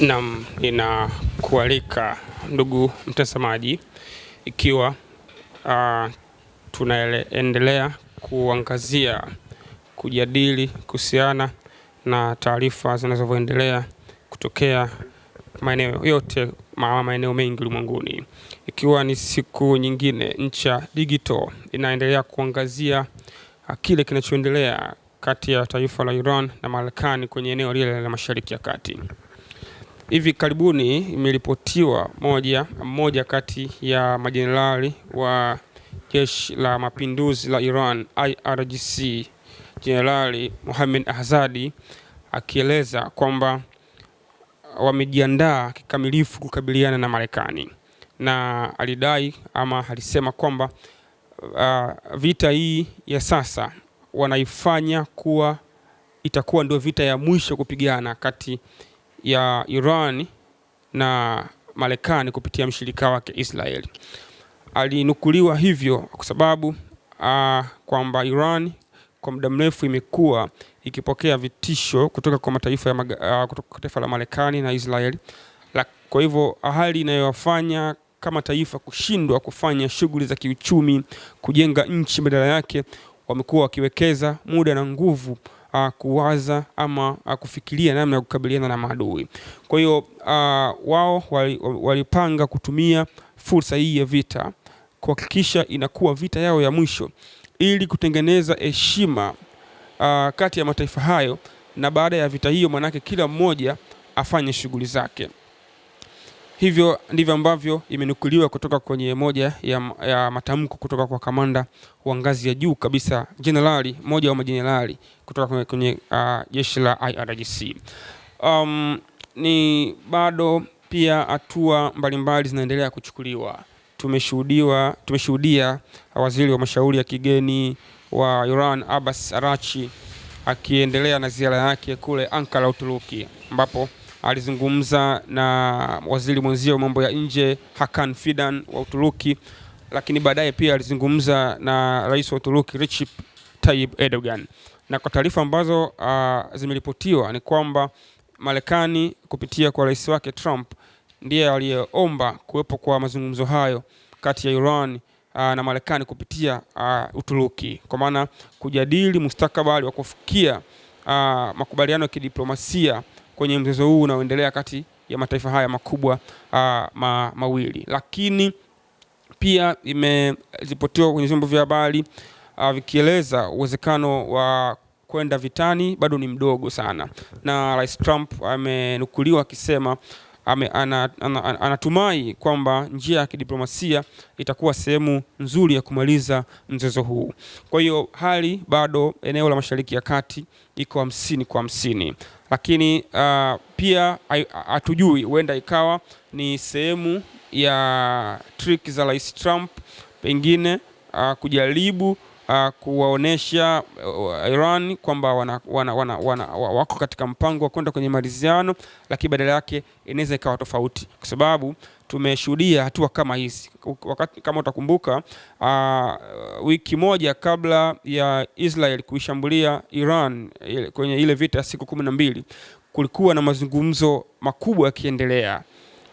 Naam, ninakualika ndugu mtazamaji, ikiwa uh, tunaendelea kuangazia kujadili kuhusiana na taarifa zinazoendelea kutokea maeneo yote ma maeneo mengi ulimwenguni, ikiwa ni siku nyingine Ncha Digital inaendelea kuangazia kile kinachoendelea kati ya taifa la Iran na Marekani kwenye eneo lile la Mashariki ya Kati. Hivi karibuni imeripotiwa moja mmoja kati ya majenerali wa jeshi la mapinduzi la Iran IRGC, Jenerali Mohamed Ahzadi akieleza kwamba wamejiandaa kikamilifu kukabiliana na Marekani, na alidai ama alisema kwamba uh, vita hii ya sasa wanaifanya kuwa itakuwa ndio vita ya mwisho kupigana kati ya Iran na Marekani kupitia mshirika wake Israeli. Alinukuliwa hivyo kwa sababu uh, kwamba Iran kwa muda mrefu imekuwa ikipokea vitisho kutoka kwa mataifa ya maga, uh, kutoka kwa taifa la Marekani na Israeli. Kwa hivyo hali inayowafanya kama taifa kushindwa kufanya shughuli za kiuchumi, kujenga nchi, badala yake wamekuwa wakiwekeza muda na nguvu uh, kuwaza ama uh, kufikiria namna ya kukabiliana na maadui. Kwa hiyo uh, wao walipanga kutumia fursa hii ya vita kuhakikisha inakuwa vita yao ya mwisho ili kutengeneza heshima uh, kati ya mataifa hayo, na baada ya vita hiyo, manake kila mmoja afanye shughuli zake. Hivyo ndivyo ambavyo imenukuliwa kutoka kwenye moja ya, ya matamko kutoka kwa kamanda wa ngazi ya juu kabisa jenerali, moja wa majenerali kutoka kwenye jeshi uh, la IRGC. Um, ni bado pia hatua mbalimbali zinaendelea kuchukuliwa. Tumeshuhudiwa, tumeshuhudia waziri wa mashauri ya kigeni wa Iran Abbas Arachi akiendelea na ziara yake kule Ankara, Uturuki ambapo alizungumza na waziri mwenzio mambo ya nje Hakan Fidan wa Uturuki, lakini baadaye pia alizungumza na rais wa Uturuki Recep Tayyip Erdogan, na kwa taarifa ambazo uh, zimeripotiwa ni kwamba Marekani kupitia kwa rais wake Trump ndiye aliyeomba kuwepo kwa mazungumzo hayo kati ya Iran uh, na Marekani kupitia uh, Uturuki kwa maana kujadili mustakabali wa kufikia uh, makubaliano ya kidiplomasia kwenye mzozo huu unaoendelea kati ya mataifa haya makubwa uh, ma, mawili. Lakini pia imeripotiwa kwenye vyombo vya habari uh, vikieleza uwezekano wa kwenda vitani bado ni mdogo sana, na Rais Trump amenukuliwa akisema anatumai kwamba njia ya kidiplomasia itakuwa sehemu nzuri ya kumaliza mzozo huu. Kwa hiyo hali bado eneo la Mashariki ya Kati iko hamsini kwa hamsini, lakini uh, pia hatujui, huenda ikawa ni sehemu ya trick za Rais Trump pengine uh, kujaribu uh, kuwaonesha uh, Iran kwamba wana, wana, wana, wana, wako katika mpango wa kwenda kwenye maridhiano, lakini badala yake inaweza ikawa tofauti, kwa sababu tumeshuhudia hatua kama hizi wakati, kama utakumbuka, uh, wiki moja kabla ya Israel kuishambulia Iran eh, kwenye ile vita ya siku kumi na mbili kulikuwa na mazungumzo makubwa yakiendelea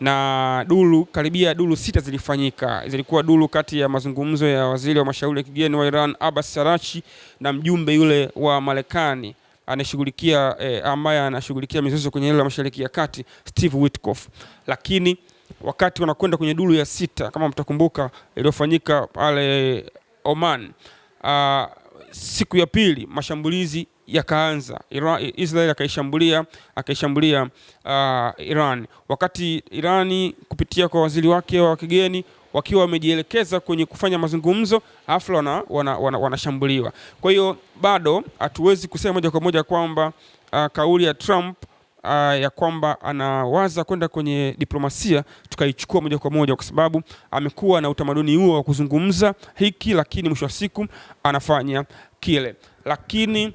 na duru karibia duru sita zilifanyika. Zilikuwa duru kati ya mazungumzo ya waziri wa mashauri ya kigeni wa Iran Abbas Sarachi na mjumbe yule wa Marekani anashughulikia eh, ambaye anashughulikia mizozo kwenye eneo la Mashariki ya Kati Steve Witkoff. Lakini wakati wanakwenda kwenye duru ya sita, kama mtakumbuka, iliyofanyika pale Oman, uh, siku ya pili mashambulizi yakaanza Iran, Israel akaishambulia akaishambulia uh, Iran, wakati Irani kupitia kwa waziri wake wa kigeni wakiwa wamejielekeza kwenye kufanya mazungumzo, afla wanashambuliwa wana, wana, wanashambuliwa. Kwa hiyo bado hatuwezi kusema moja kwa moja kwamba uh, kauli ya Trump Uh, ya kwamba anawaza kwenda kwenye diplomasia tukaichukua moja kwa moja, kwa sababu amekuwa na utamaduni huo wa kuzungumza hiki, lakini mwisho wa siku anafanya kile, lakini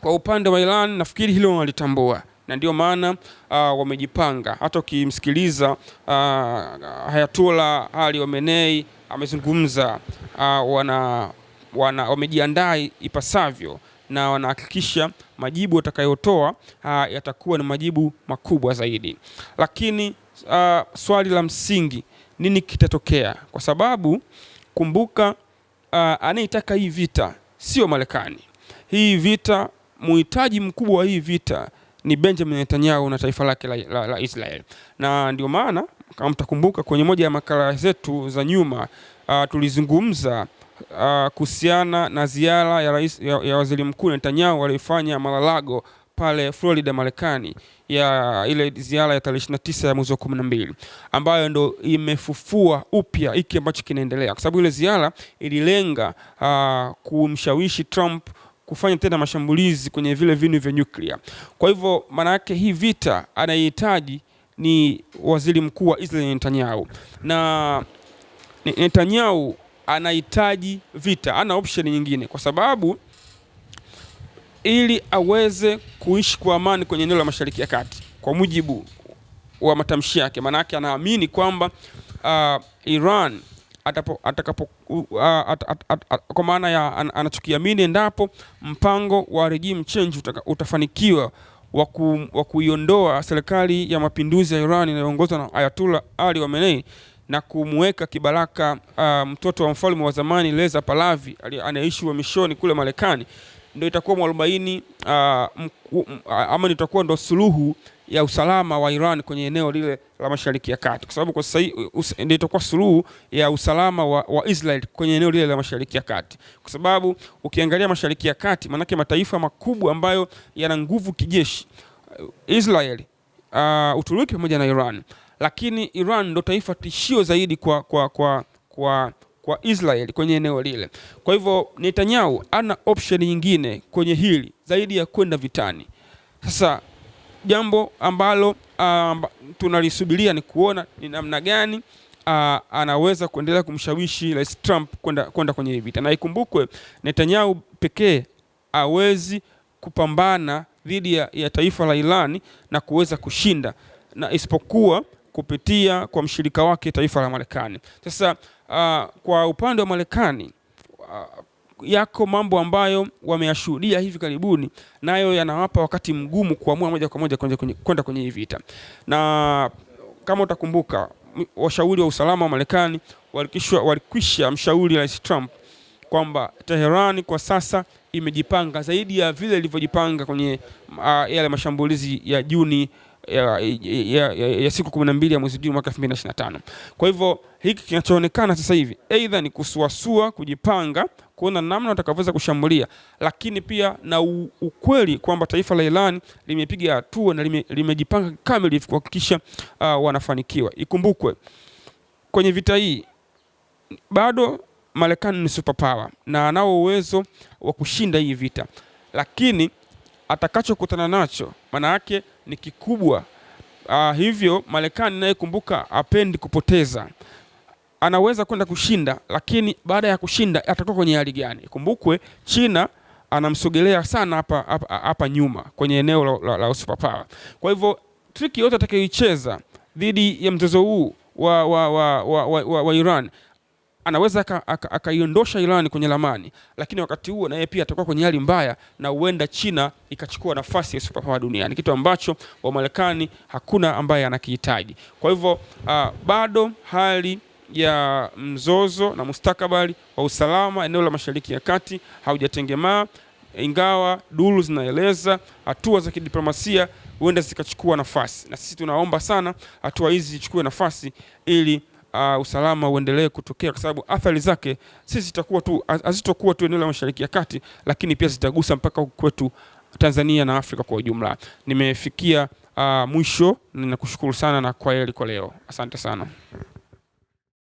kwa upande wa Iran nafikiri hilo walitambua na ndio maana uh, wamejipanga. Hata ukimsikiliza uh, ah, hayatula Ali Khamenei amezungumza uh, wana, wana, wamejiandaa ipasavyo na wanahakikisha majibu watakayotoa uh, yatakuwa ni majibu makubwa zaidi, lakini uh, swali la msingi, nini kitatokea? Kwa sababu kumbuka, uh, anayetaka hii vita sio Marekani. Hii vita muhitaji mkubwa wa hii vita ni Benjamin Netanyahu na taifa lake la, la, la Israel. Na ndio maana kama mtakumbuka kwenye moja ya makala zetu za nyuma uh, tulizungumza uh, kuhusiana na ziara ya, rais, ya, ya waziri mkuu Netanyahu aliyofanya Malalago pale Florida Marekani, ya ile ziara ya tarehe 29 ya mwezi wa 12 ambayo ndo imefufua upya hiki ambacho kinaendelea, kwa sababu ile ziara ililenga uh, kumshawishi Trump kufanya tena mashambulizi kwenye vile vinu vya nyuklia. Kwa hivyo maana yake hii vita anayehitaji ni waziri mkuu wa Israel Netanyahu, na Netanyahu anahitaji vita, ana option nyingine, kwa sababu ili aweze kuishi kwa amani kwenye eneo la Mashariki ya Kati kwa mujibu wa matamshi yake, yake anaamini kwamba uh, Iran atakapo, atakapo, uh, at, at, at, at, kwa maana ya an, anachokiamini endapo mpango wa regime change utaka, utafanikiwa wa kuiondoa serikali ya mapinduzi ya Iran inayoongozwa na Ayatollah Ali Khamenei na kumweka kibaraka uh, mtoto wa mfalme wa zamani Reza Pahlavi anayeishi uhamishoni kule Marekani ndio itakuwa mwarobaini uh, ah, ah, ama nitakuwa ndo suluhu ya usalama wa Iran kwenye eneo lile la Mashariki ya Kati, kwa sababu kwa sasa ndio itakuwa suluhu ya usalama wa, wa Israel kwenye eneo lile la Mashariki ya Kati, kwa sababu ukiangalia Mashariki ya Kati maanake mataifa makubwa ambayo yana nguvu kijeshi eh, Israel, uh, Uturuki pamoja na Iran, lakini Iran ndo taifa tishio zaidi kwa, kwa, kwa, kwa kwa Israel kwenye eneo lile. Kwa hivyo Netanyahu ana option nyingine kwenye hili zaidi ya kwenda vitani. Sasa jambo ambalo uh, tunalisubiria ni kuona ni namna gani uh, anaweza kuendelea kumshawishi Rais Trump kwenda kwenda kwenye vita, na ikumbukwe Netanyahu pekee awezi kupambana dhidi ya, ya taifa la iran na kuweza kushinda na isipokuwa kupitia kwa mshirika wake taifa la Marekani. Sasa uh, kwa upande wa Marekani uh, yako mambo ambayo wameyashuhudia hivi karibuni, nayo yanawapa wakati mgumu kuamua moja kwa moja kwenda kwenye hii vita. Na kama utakumbuka, washauri wa usalama wa Marekani walikwisha mshauri Rais Trump kwamba Teherani kwa sasa imejipanga zaidi ya vile ilivyojipanga kwenye uh, yale mashambulizi ya Juni ya, ya, ya, ya siku 12 ya mwezi Juni mwaka 2025. Kwa hivyo hiki kinachoonekana sasa hivi aidha ni kusuasua, kujipanga, kuona namna watakavyoweza kushambulia, lakini pia na u, ukweli kwamba taifa la Iran limepiga hatua na lime, limejipanga kikamilifu kuhakikisha uh, wanafanikiwa. Ikumbukwe kwenye vita hii bado Marekani ni superpower na anao uwezo wa kushinda hii vita, lakini atakachokutana nacho maana yake ni kikubwa. Uh, hivyo Marekani naye kumbuka, apendi kupoteza. Anaweza kwenda kushinda, lakini baada ya kushinda atakuwa kwenye hali gani? Kumbukwe China anamsogelea sana hapa hapa, hapa nyuma kwenye eneo la, la, la superpower. Kwa hivyo triki yote atakayoicheza dhidi ya mchezo huu wa, wa, wa, wa, wa, wa, wa Iran anaweza akaiondosha aka, aka Iran kwenye ramani, lakini wakati huo na yeye pia atakuwa kwenye hali mbaya, na huenda China ikachukua nafasi ya superpower duniani, kitu ambacho Wamarekani hakuna ambaye anakihitaji. Kwa hivyo uh, bado hali ya mzozo na mustakabali wa usalama eneo la Mashariki ya Kati haujatengemaa, ingawa duru zinaeleza hatua za kidiplomasia huenda zikachukua nafasi, na sisi tunaomba sana hatua hizi zichukue nafasi ili uh, usalama uendelee kutokea, kwa sababu athari zake sisi zitakuwa tu hazitokuwa tu eneo la Mashariki ya Kati, lakini pia zitagusa mpaka kwetu Tanzania na Afrika kwa ujumla. Nimefikia uh, mwisho. Ninakushukuru sana na kwaheri kwa leo, asante sana.